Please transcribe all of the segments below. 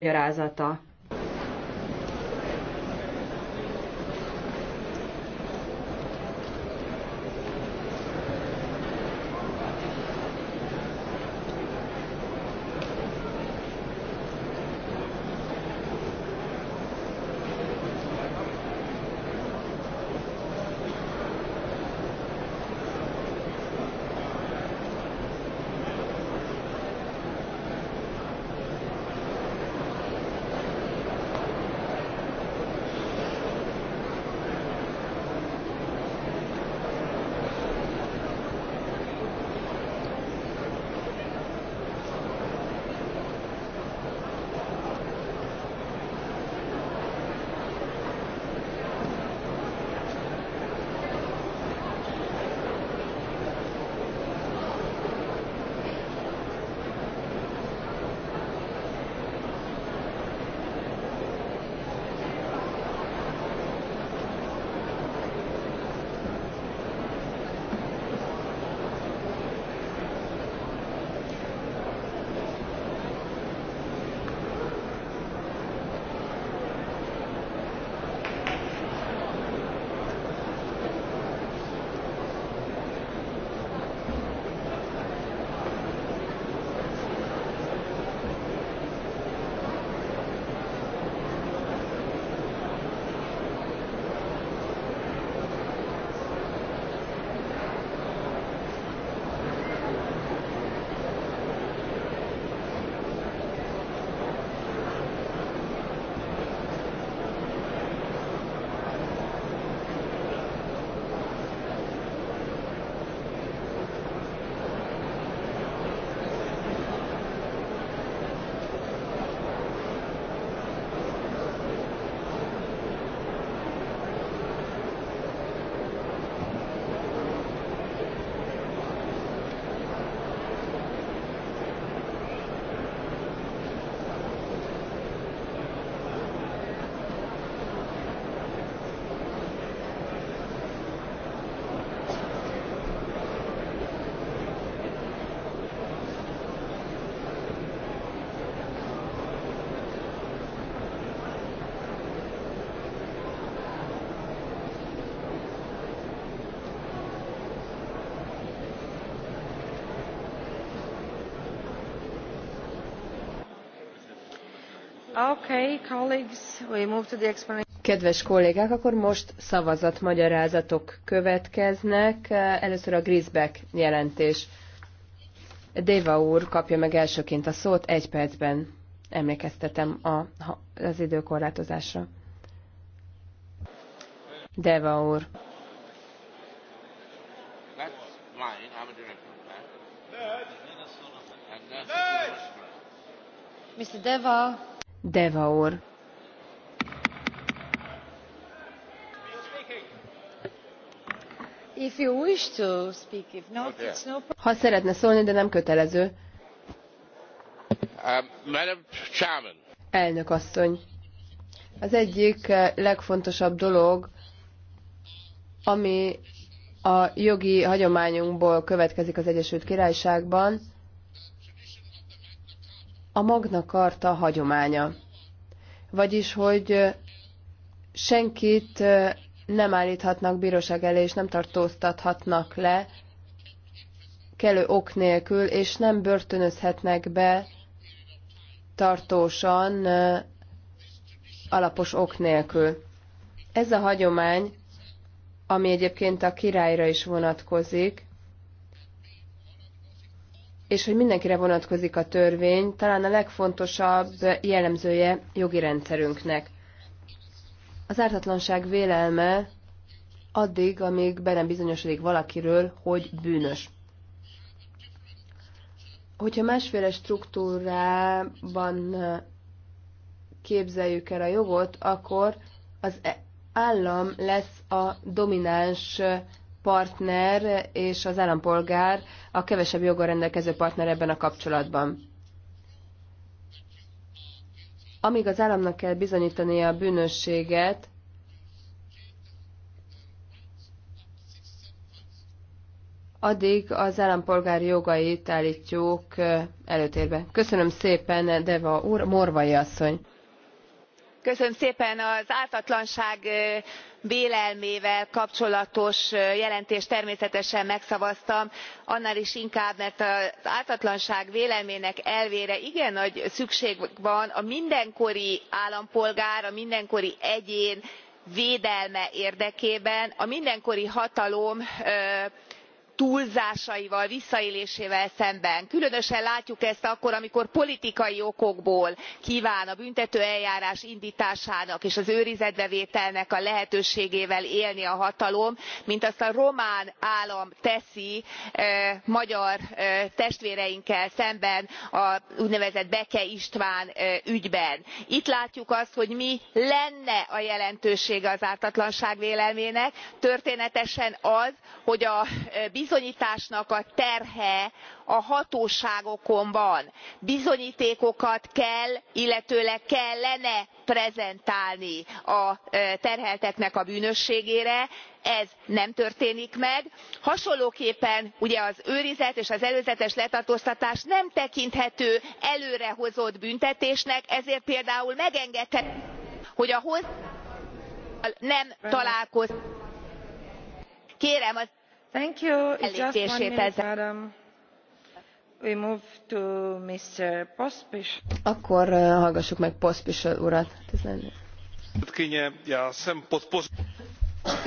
magyarázata. Kedves kollégák, akkor most szavazatmagyarázatok következnek. Először a Grisbeck jelentés. Déva úr kapja meg elsőként a szót egy percben. Emlékeztetem a, az időkorlátozásra. Deva úr. Mr. Deva. Devaor. ha szeretne szólni, de nem kötelező. Uh, Elnök asszony. Az egyik eh, legfontosabb dolog, ami a jogi hagyományunkból következik az Egyesült Királyságban, a Magna Karta hagyománya. Vagyis, hogy senkit nem állíthatnak bíróság elé, és nem tartóztathatnak le kellő ok nélkül, és nem börtönözhetnek be tartósan alapos ok nélkül. Ez a hagyomány, ami egyébként a királyra is vonatkozik, és hogy mindenkire vonatkozik a törvény, talán a legfontosabb jellemzője jogi rendszerünknek. Az ártatlanság vélelme addig, amíg be nem bizonyosodik valakiről, hogy bűnös. Hogyha másféle struktúrában képzeljük el a jogot, akkor az e- állam lesz a domináns partner és az állampolgár a kevesebb joggal rendelkező partner ebben a kapcsolatban. Amíg az államnak kell bizonyítania a bűnösséget, addig az állampolgári jogait állítjuk előtérbe. Köszönöm szépen, Deva úr, Morvai asszony az ártatlanság vélelmével kapcsolatos jelentést természetesen megszavaztam annál is inkább mert az ártatlanság vélelmének elvére igen nagy szükség van a mindenkori állampolgár a mindenkori egyén védelme érdekében a mindenkori hatalom túlzásaival visszaélésével szemben. különösen látjuk ezt akkor amikor politikai okokból kván a büntetőeljárás indtásának és az őrizetbe vételnek a lehetőségével élni a hatalom mint azt a román állam teszi eh, magyar eh, testvéreinkkel szemben az úgynevezett beke istván eh, ügyben. itt látjuk azt hogy mi lenne a jelentősége az ártatlanság vélelmének történetesen az hogy a bizonytásnak a terhe a hatóságokon van bizonytékokat kell illetőleg kellene prezentálni a e, terhelteknek a bűnösségére ez nem történik meg hasonlóképpen ugye az őrizet és az előzetes letartóztatás nem tekinthető előrehozott büntetésnek ezért például megengedhetetlen hogy a hozzátartozóval nem találkozhat. kérem akkor uh, hallgassuk meg pospil urat.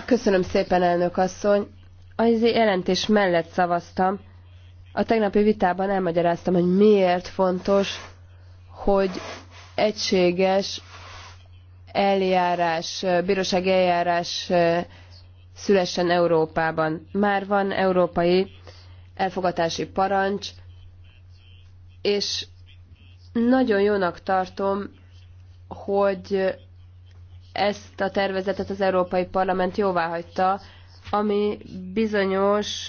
köszönöm szépen elnök asszony a jelentés mellett szavaztam. a tegnapi vitában elmagyaráztam hogy miért fontos hogy egységes eljárás bírósági eljárás szülessen Európában. Már van európai elfogatási parancs, és nagyon jónak tartom, hogy ezt a tervezetet az Európai Parlament jóvá hagyta, ami bizonyos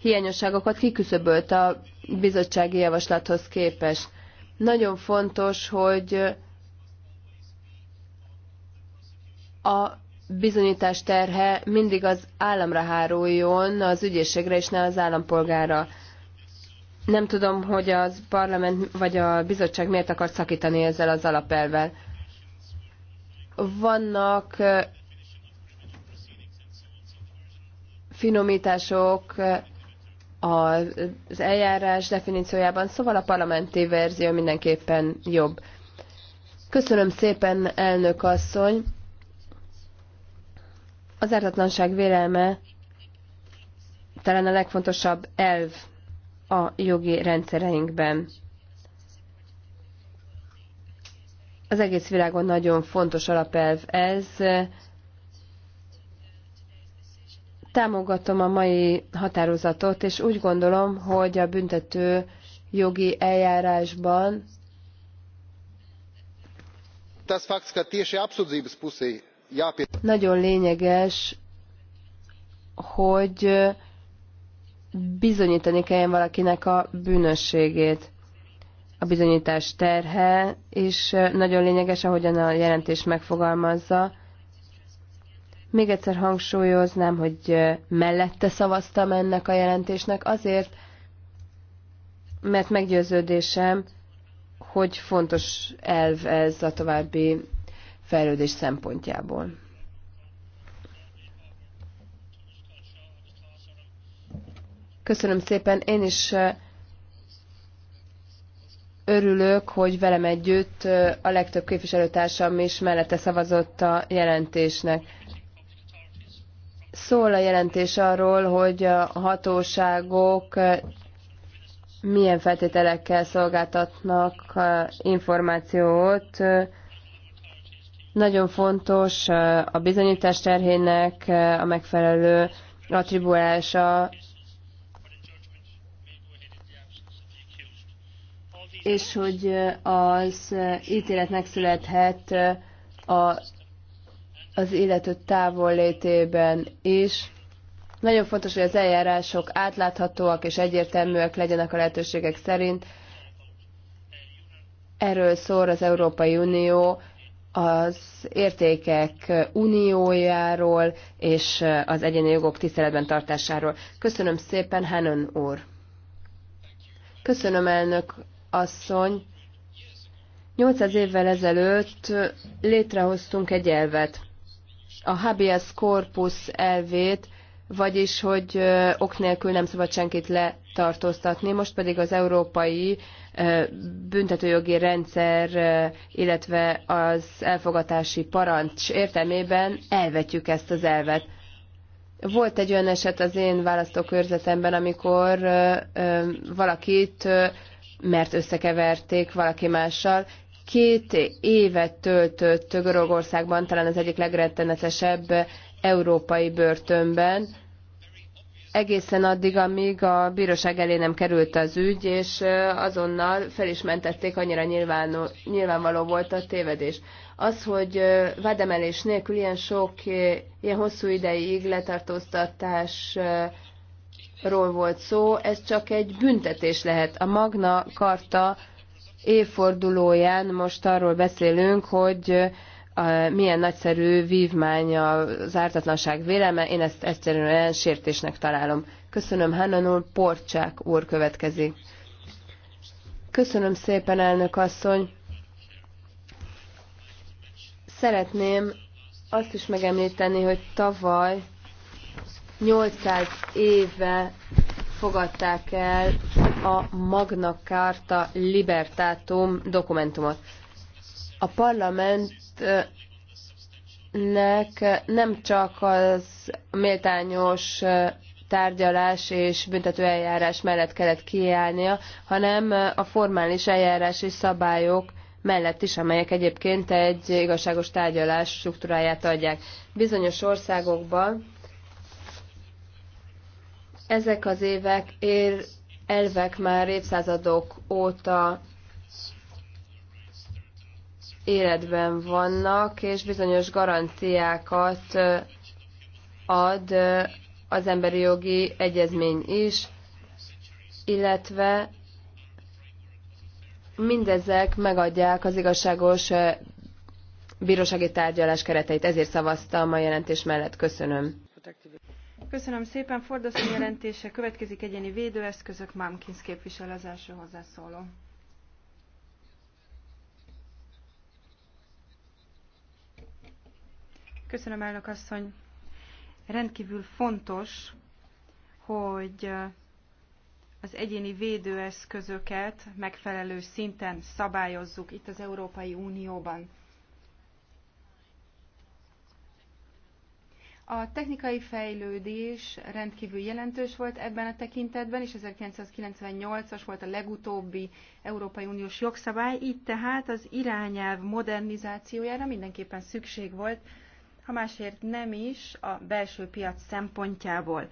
hiányosságokat kiküszöbölt a bizottsági javaslathoz képest. Nagyon fontos, hogy a bizonyítás terhe mindig az államra háruljon, az ügyészségre és ne az állampolgára. Nem tudom, hogy az parlament vagy a bizottság miért akar szakítani ezzel az alapelvel. Vannak finomítások az eljárás definíciójában, szóval a parlamenti verzió mindenképpen jobb. Köszönöm szépen, elnök asszony! Az ártatlanság vélelme talán a legfontosabb elv a jogi rendszereinkben. Az egész világon nagyon fontos alapelv ez. Támogatom a mai határozatot, és úgy gondolom, hogy a büntető jogi eljárásban tas fakts ka tieši apsūdzības nagyon lényeges, hogy bizonyítani kelljen valakinek a bűnösségét. A bizonyítás terhe, és nagyon lényeges, ahogyan a jelentés megfogalmazza. Még egyszer hangsúlyoznám, hogy mellette szavaztam ennek a jelentésnek, azért, mert meggyőződésem, hogy fontos elv ez a további fejlődés szempontjából. Köszönöm szépen, én is örülök, hogy velem együtt a legtöbb képviselőtársam is mellette szavazott a jelentésnek. Szól a jelentés arról, hogy a hatóságok milyen feltételekkel szolgáltatnak információt nagyon fontos a bizonyítás terhének a megfelelő attribuálása, és hogy az ítélet megszülethet a, az illető létében is. Nagyon fontos, hogy az eljárások átláthatóak és egyértelműek legyenek a lehetőségek szerint. Erről szól az Európai Unió az értékek uniójáról és az egyéni jogok tiszteletben tartásáról. Köszönöm szépen, Hanon úr. Köszönöm, elnök asszony. 800 évvel ezelőtt létrehoztunk egy elvet, a habeas corpus elvét, vagyis hogy ok nélkül nem szabad senkit letartóztatni, most pedig az európai büntetőjogi rendszer, illetve az elfogatási parancs értelmében elvetjük ezt az elvet. Volt egy olyan eset az én választókörzetemben, amikor valakit, mert összekeverték valaki mással, két évet töltött Görögországban, talán az egyik legrettenetesebb európai börtönben, egészen addig, amíg a bíróság elé nem került az ügy, és azonnal fel is mentették, annyira nyilván, nyilvánvaló volt a tévedés. Az, hogy vádemelés nélkül ilyen sok, ilyen hosszú ideig letartóztatás ról volt szó, ez csak egy büntetés lehet. A Magna Karta évfordulóján most arról beszélünk, hogy milyen nagyszerű vívmány az ártatlanság véleme, én ezt egyszerűen sértésnek találom. Köszönöm Hannanul, Porcsák úr következik. Köszönöm szépen, elnök asszony. Szeretném azt is megemlíteni, hogy tavaly 800 éve fogadták el a Magna Carta Libertatum dokumentumot. A parlament nek nem csak az méltányos tárgyalás és büntetőeljárás mellett kellett kiállnia, hanem a formális eljárás és szabályok mellett is, amelyek egyébként egy igazságos tárgyalás struktúráját adják. Bizonyos országokban ezek az évek ér, elvek már évszázadok óta életben vannak, és bizonyos garanciákat ad az emberi jogi egyezmény is, illetve mindezek megadják az igazságos bírósági tárgyalás kereteit. Ezért szavaztam a jelentés mellett. Köszönöm. Köszönöm szépen. Fordasszony jelentése következik egyéni védőeszközök. Mámkinsz képviselő az első hozzászóló. Köszönöm, elnök asszony. Rendkívül fontos, hogy az egyéni védőeszközöket megfelelő szinten szabályozzuk itt az Európai Unióban. A technikai fejlődés rendkívül jelentős volt ebben a tekintetben, és 1998-as volt a legutóbbi Európai Uniós jogszabály, így tehát az irányelv modernizációjára mindenképpen szükség volt ha másért nem is, a belső piac szempontjából.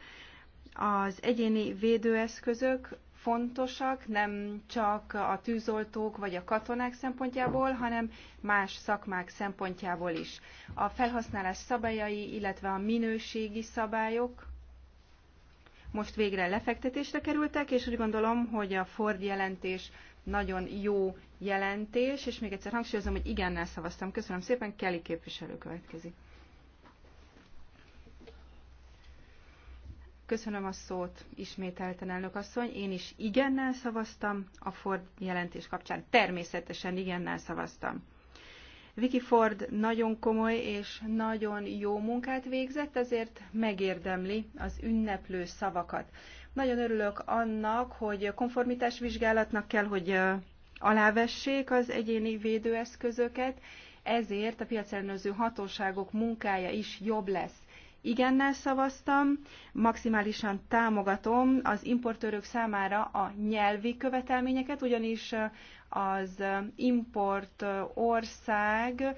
Az egyéni védőeszközök fontosak, nem csak a tűzoltók vagy a katonák szempontjából, hanem más szakmák szempontjából is. A felhasználás szabályai, illetve a minőségi szabályok most végre lefektetésre kerültek, és úgy gondolom, hogy a Ford jelentés nagyon jó jelentés, és még egyszer hangsúlyozom, hogy igennel szavaztam. Köszönöm szépen, Kelly képviselő következik. Köszönöm a szót, ismételten elnök asszony. Én is igennel szavaztam, a Ford jelentés kapcsán természetesen igennel szavaztam. Vicky Ford nagyon komoly és nagyon jó munkát végzett, ezért megérdemli az ünneplő szavakat. Nagyon örülök annak, hogy konformitás vizsgálatnak kell, hogy alávessék az egyéni védőeszközöket, ezért a piacellenőrző hatóságok munkája is jobb lesz igennel szavaztam, maximálisan támogatom az importőrök számára a nyelvi követelményeket, ugyanis az import ország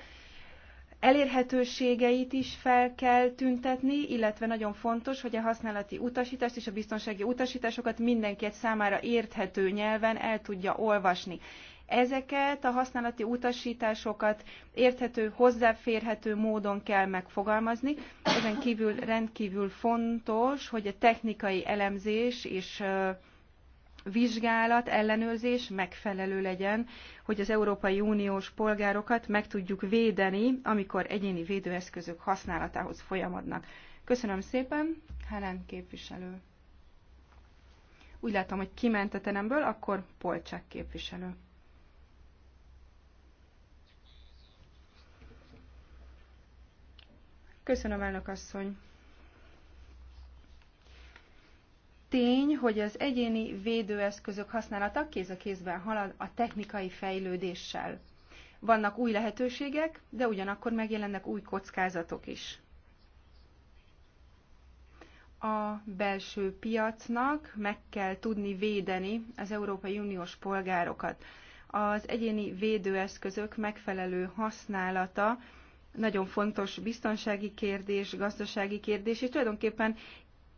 elérhetőségeit is fel kell tüntetni, illetve nagyon fontos, hogy a használati utasítást és a biztonsági utasításokat mindenki számára érthető nyelven el tudja olvasni. Ezeket a használati utasításokat érthető, hozzáférhető módon kell megfogalmazni. Ezen kívül rendkívül fontos, hogy a technikai elemzés és vizsgálat, ellenőrzés megfelelő legyen, hogy az Európai Uniós polgárokat meg tudjuk védeni, amikor egyéni védőeszközök használatához folyamodnak. Köszönöm szépen, Helen képviselő. Úgy látom, hogy kiment a teremből, akkor Polcsák képviselő. Köszönöm, elnök asszony. Tény, hogy az egyéni védőeszközök használata kéz a kézben halad a technikai fejlődéssel. Vannak új lehetőségek, de ugyanakkor megjelennek új kockázatok is a belső piacnak meg kell tudni védeni az Európai Uniós polgárokat. Az egyéni védőeszközök megfelelő használata nagyon fontos biztonsági kérdés, gazdasági kérdés, és tulajdonképpen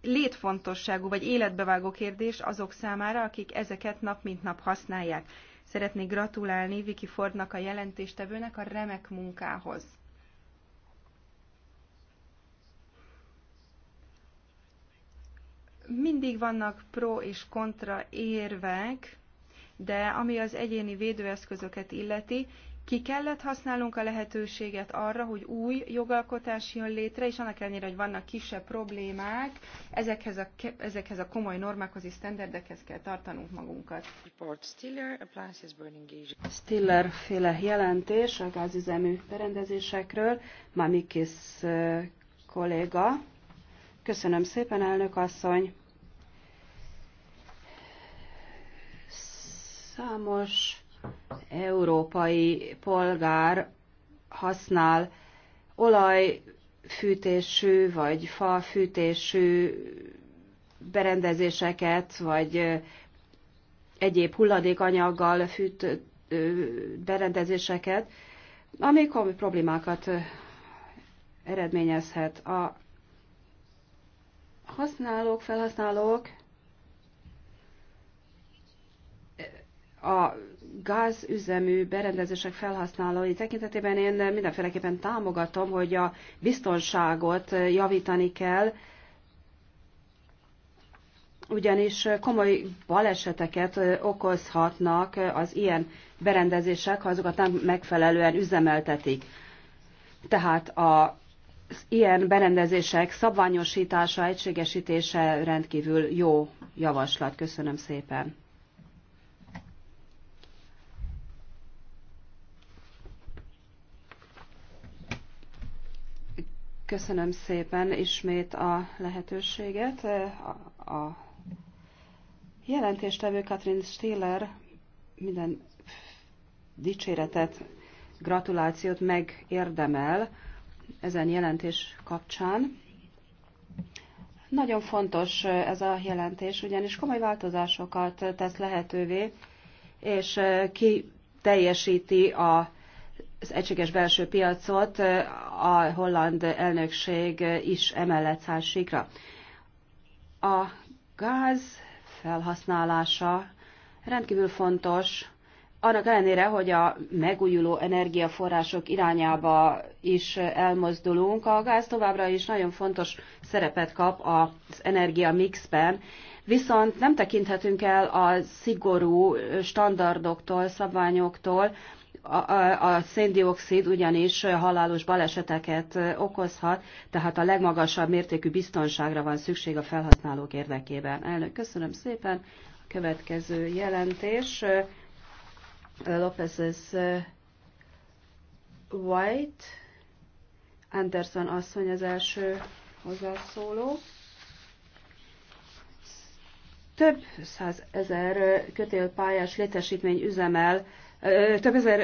létfontosságú vagy életbevágó kérdés azok számára, akik ezeket nap mint nap használják. Szeretnék gratulálni Viki Fordnak a jelentéstevőnek a remek munkához. Mindig vannak pro és kontra érvek, de ami az egyéni védőeszközöket illeti, ki kellett használnunk a lehetőséget arra, hogy új jogalkotás jön létre, és annak ellenére, hogy vannak kisebb problémák, ezekhez a, ezekhez a komoly normákhoz és sztenderdekhez kell tartanunk magunkat. Stiller féle jelentés a gázüzemű berendezésekről, Mamikis kolléga. Köszönöm szépen, elnök asszony. Számos európai polgár használ olajfűtésű vagy fafűtésű berendezéseket, vagy egyéb hulladékanyaggal fűtött berendezéseket, ami komoly problémákat eredményezhet. A használók, felhasználók a gázüzemű berendezések felhasználói tekintetében én mindenféleképpen támogatom, hogy a biztonságot javítani kell, ugyanis komoly baleseteket okozhatnak az ilyen berendezések, ha azokat nem megfelelően üzemeltetik. Tehát a az ilyen berendezések szabványosítása, egységesítése rendkívül jó javaslat. Köszönöm szépen. Köszönöm szépen ismét a lehetőséget. A jelentéstevő Katrin Stiller minden dicséretet, gratulációt megérdemel ezen jelentés kapcsán. Nagyon fontos ez a jelentés, ugyanis komoly változásokat tesz lehetővé, és ki teljesíti a az egységes belső piacot eh, a holland elnökség is emellett száll síkra. A gáz felhasználása rendkívül fontos, annak ellenére, hogy a megújuló energiaforrások irányába is elmozdulunk, a gáz továbbra is nagyon fontos szerepet kap az energia mixben, viszont nem tekinthetünk el a szigorú standardoktól, szabványoktól, a széndiokszid ugyanis halálos baleseteket okozhat, tehát a legmagasabb mértékű biztonságra van szükség a felhasználók érdekében. Elnök, köszönöm szépen. A következő jelentés. Eh, López eh, White, Anderson asszony az első hozzászóló. Több százezer kötélpályás létesítmény üzemel több ezer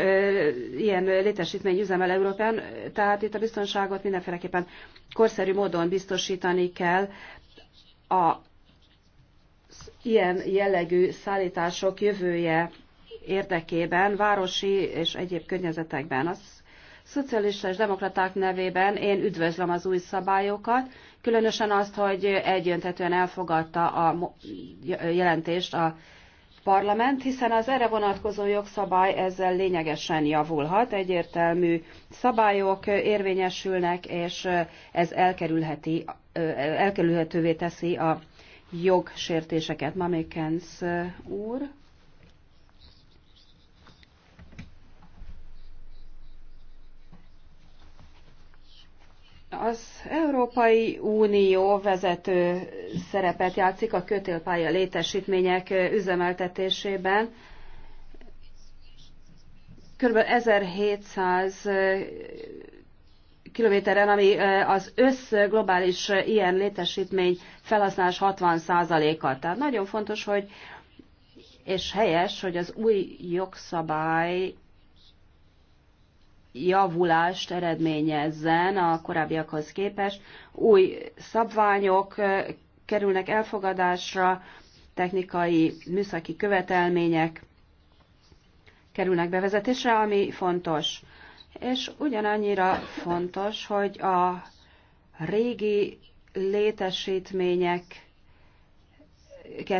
ilyen létesítmény üzemel Európán, tehát itt a biztonságot mindenféleképpen korszerű módon biztosítani kell a ilyen jellegű szállítások jövője érdekében, városi és egyéb környezetekben. A szocialista és demokraták nevében én üdvözlöm az új szabályokat, különösen azt, hogy egyöntetően elfogadta a jelentést a parlament, hiszen az erre vonatkozó jogszabály ezzel lényegesen javulhat, egyértelmű szabályok érvényesülnek, és ez elkerülheti, elkerülhetővé teszi a jogsértéseket. Mamékens uh, úr. Az Európai Unió vezető szerepet játszik a kötélpálya létesítmények üzemeltetésében. Kb. 1700 kilométeren, ami az össz globális ilyen létesítmény felhasználás 60%-a. Tehát nagyon fontos, hogy és helyes, hogy az új jogszabály javulást eredményezzen a korábbiakhoz képest. Új szabványok kerülnek elfogadásra, technikai műszaki követelmények kerülnek bevezetésre, ami fontos. És ugyanannyira fontos, hogy a régi létesítményeket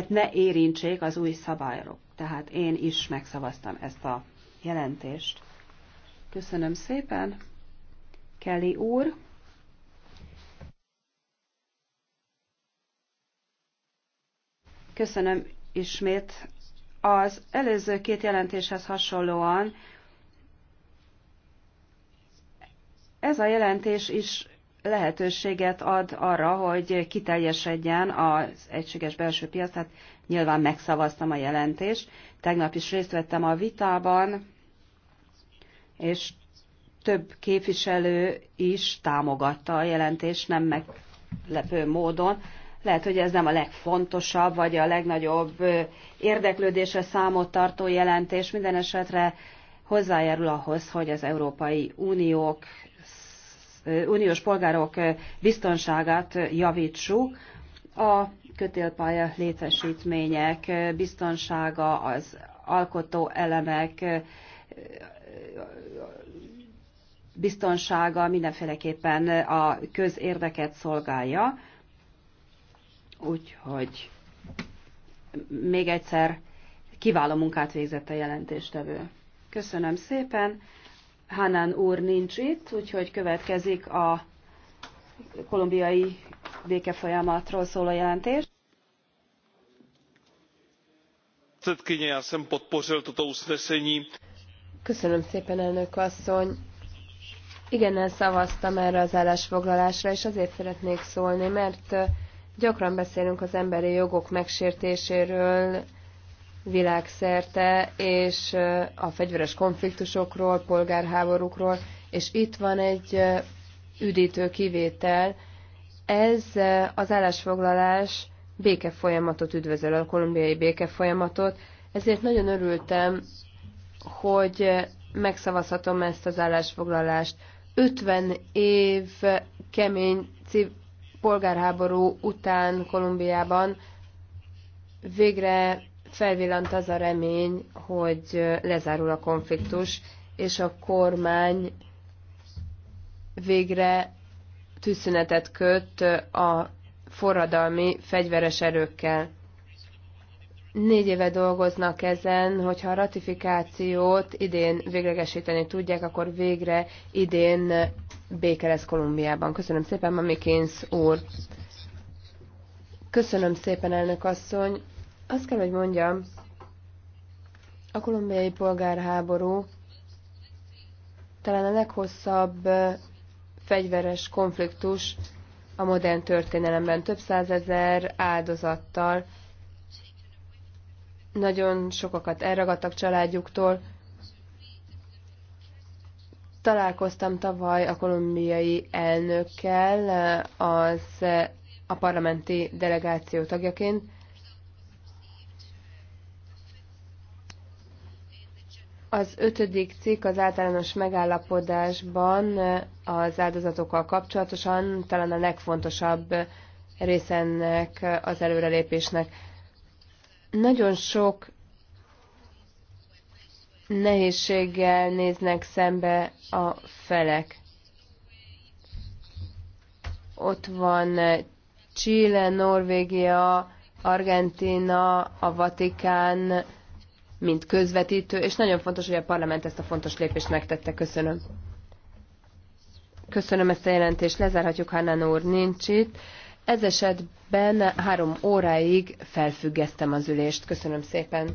ne érintsék az új szabályok. Tehát én is megszavaztam ezt a jelentést. Köszönöm szépen. Kelly úr. Köszönöm ismét. Az előző két jelentéshez hasonlóan ez a jelentés is lehetőséget ad arra, hogy kiteljesedjen az egységes belső piac, tehát nyilván megszavaztam a jelentést. Tegnap is részt vettem a vitában, és több képviselő is támogatta a jelentést, nem meglepő módon. Lehet, hogy ez nem a legfontosabb, vagy a legnagyobb érdeklődésre számot tartó jelentés, minden esetre hozzájárul ahhoz, hogy az Európai Uniók, uniós polgárok biztonságát javítsuk. A kötélpálya létesítmények biztonsága, az alkotó elemek biztonsága mindenféleképpen a közérdeket szolgálja. Úgyhogy még egyszer kiváló munkát végzett a jelentéstevő. Köszönöm szépen. Hanan úr nincs itt, úgyhogy következik a kolumbiai békefolyamatról szóló jelentés. Předsedkyně, já jsem podpořil toto usnesení. Köszönöm szépen, elnök asszony. Igennel szavaztam erre az állásfoglalásra, és azért szeretnék szólni, mert gyakran beszélünk az emberi jogok megsértéséről világszerte, és a fegyveres konfliktusokról, polgárháborúkról, és itt van egy üdítő kivétel. Ez az állásfoglalás békefolyamatot üdvözöl, a kolumbiai békefolyamatot, ezért nagyon örültem hogy megszavazhatom ezt az állásfoglalást. 50 év kemény polgárháború után Kolumbiában végre felvillant az a remény, hogy lezárul a konfliktus, és a kormány végre tűzszünetet köt a forradalmi fegyveres erőkkel. Négy éve dolgoznak ezen, hogyha a ratifikációt idén véglegesíteni tudják, akkor végre idén béke lesz Kolumbiában. Köszönöm szépen, mami Kénz úr. Köszönöm szépen, elnök asszony. Azt kell, hogy mondjam, a kolumbiai polgárháború talán a leghosszabb fegyveres konfliktus a modern történelemben több százezer áldozattal, nagyon sokakat elragadtak családjuktól. Találkoztam tavaly a kolumbiai elnökkel az a parlamenti delegáció tagjaként. Az ötödik cikk az általános megállapodásban az áldozatokkal kapcsolatosan talán a legfontosabb részennek az előrelépésnek. Nagyon sok nehézséggel néznek szembe a felek. Ott van Chile, Norvégia, Argentina, a Vatikán, mint közvetítő, és nagyon fontos, hogy a parlament ezt a fontos lépést megtette. Köszönöm. Köszönöm ezt a jelentést, lezárhatjuk, Hannan úr nincs itt. Ez esetben három óráig felfüggesztem az ülést. Köszönöm szépen.